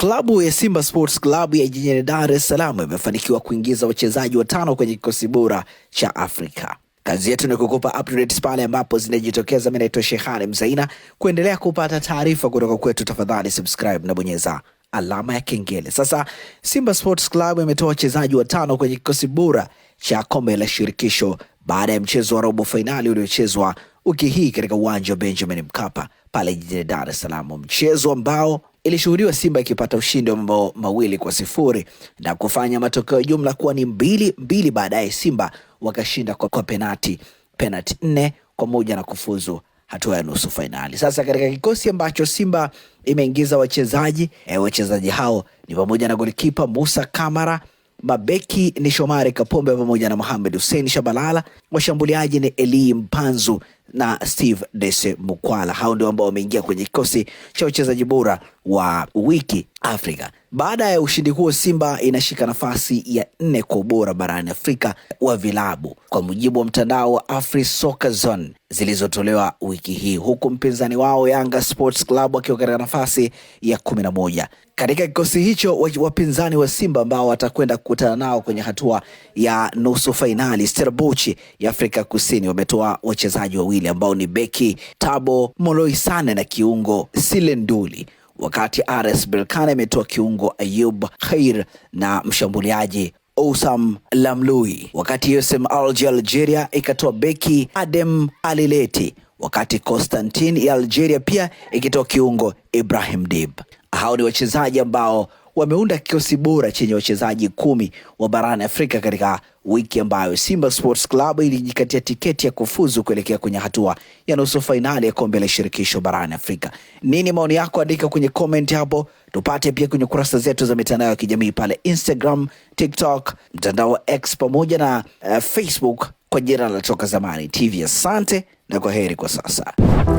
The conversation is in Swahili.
Klabu ya Simba Sports Club ya jijini Dar es Salaam imefanikiwa kuingiza wachezaji watano kwenye kikosi bora cha Afrika. Kazi yetu ni kukupa updates pale ambapo zinajitokeza. Mimi naitwa Shehani Mzaina. Kuendelea kupata taarifa kutoka kwetu, tafadhali subscribe na bonyeza alama ya kengele. Sasa Simba Sports Club imetoa wachezaji watano kwenye kikosi bora cha kombe la shirikisho baada ya mchezo wa robo fainali uliochezwa wiki hii katika uwanja wa Benjamin Mkapa pale jijini Dar es Salaam, mchezo ambao ilishuhudiwa Simba ikipata ushindi wa mabao mawili kwa sifuri na kufanya matokeo jumla kuwa ni mbili mbili. Baadaye Simba wakashinda kwa, kwa penati penati nne kwa moja na kufuzu hatua ya nusu fainali. Sasa katika kikosi ambacho Simba imeingiza wachezaji e, wachezaji hao ni pamoja na golikipa Musa Kamara Mabeki ni Shomari Kapombe pamoja na Mohamed Hussein Shabalala. Washambuliaji ni Eli Mpanzu na Steve Dese Mukwala. Hao ndio ambao wameingia kwenye kikosi cha wachezaji bora wa wiki Afrika. Baada ya ushindi huo, Simba inashika nafasi ya nne kwa ubora barani Afrika wa vilabu kwa mujibu wa mtandao wa Afri Soccer Zone zilizotolewa wiki hii, huku mpinzani wao Yanga Sports Club wakiwa katika nafasi ya kumi na moja. Katika kikosi hicho wapinzani wa Simba ambao watakwenda kukutana nao kwenye hatua ya nusu fainali Stellenbosch ya Afrika Kusini wametoa wachezaji wawili ambao ni beki tabo Moloisane na kiungo Silenduli wakati RS Berkane imetoa kiungo Ayub Khair na mshambuliaji Osam Lamlui, wakati USM Alger Algeria ikatoa beki Adem Alileti, wakati Constantine ya Algeria pia ikitoa kiungo Ibrahim Dib. Hao ni wachezaji ambao wameunda kikosi bora chenye wachezaji kumi wa barani Afrika katika wiki ambayo Simba Sports Club ilijikatia tiketi ya kufuzu kuelekea kwenye hatua ya nusu fainali ya kombe la shirikisho barani Afrika. Nini maoni yako? Andika kwenye comment hapo, tupate pia kwenye kurasa zetu za mitandao ya kijamii pale Instagram, TikTok, mtandao wa X pamoja na uh, Facebook kwa jina la Toka Zamani TV. Asante na kwa heri kwa sasa.